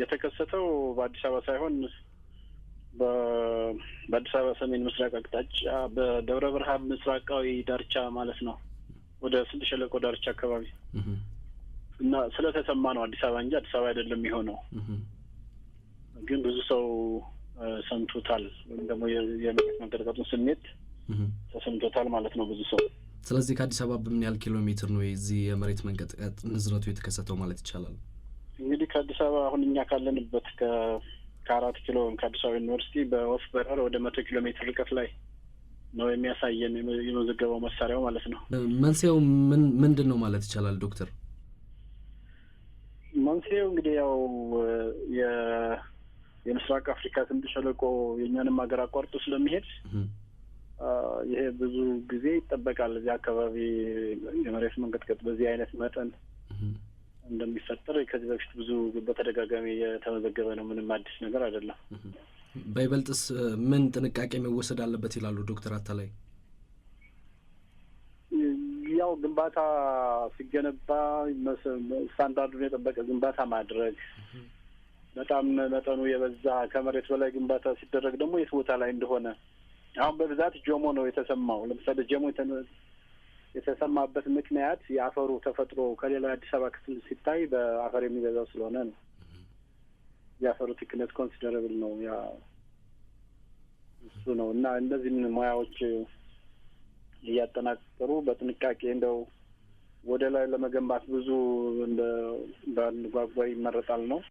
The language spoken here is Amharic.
የተከሰተው በአዲስ አበባ ሳይሆን በአዲስ አበባ ሰሜን ምስራቅ አቅጣጫ በደብረ ብርሃን ምስራቃዊ ዳርቻ ማለት ነው፣ ወደ ስንት ሸለቆ ዳርቻ አካባቢ እና ስለተሰማ ነው አዲስ አበባ እንጂ አዲስ አበባ አይደለም የሆነው። ግን ብዙ ሰው ሰምቶታል፣ ወይም ደግሞ የመሬት መንቀጥቀጡን ስሜት ተሰምቶታል ማለት ነው ብዙ ሰው። ስለዚህ ከአዲስ አበባ በምን ያህል ኪሎ ሜትር ነው የዚህ የመሬት መንቀጥቀጥ ንዝረቱ የተከሰተው ማለት ይቻላል? እንግዲህ ከአዲስ አበባ አሁን እኛ ካለንበት ከአራት ኪሎ ከአዲስ አበባ ዩኒቨርሲቲ በወፍ በረር ወደ መቶ ኪሎ ሜትር ርቀት ላይ ነው የሚያሳየን የመዘገበው መሳሪያው ማለት ነው። መንስኤው ምን ምንድን ነው ማለት ይቻላል ዶክተር? መንስኤው እንግዲህ ያው የምስራቅ አፍሪካ ስምጥ ሸለቆ የእኛንም ሀገር አቋርጦ ስለሚሄድ ይሄ ብዙ ጊዜ ይጠበቃል። እዚህ አካባቢ የመሬት መንቀጥቀጥ በዚህ አይነት መጠን እንደሚፈጠር ከዚህ በፊት ብዙ በተደጋጋሚ የተመዘገበ ነው። ምንም አዲስ ነገር አይደለም። በይበልጥስ ምን ጥንቃቄ መወሰድ አለበት ይላሉ ዶክተር አታላይ? ያው ግንባታ ሲገነባ ስታንዳርዱን የጠበቀ ግንባታ ማድረግ በጣም መጠኑ የበዛ ከመሬት በላይ ግንባታ ሲደረግ ደግሞ የት ቦታ ላይ እንደሆነ አሁን በብዛት ጆሞ ነው የተሰማው። ለምሳሌ ጆሞ የተሰማበት ምክንያት የአፈሩ ተፈጥሮ ከሌላው የአዲስ አበባ ክፍል ሲታይ በአፈር የሚገዛው ስለሆነ ነው። የአፈሩ ትክነት ኮንሲደረብል ነው። ያ እሱ ነው እና እነዚህን ሙያዎች እያጠናቀሩ በጥንቃቄ እንደው ወደ ላይ ለመገንባት ብዙ እንደ ባንጓጓ ይመረጣል ነው።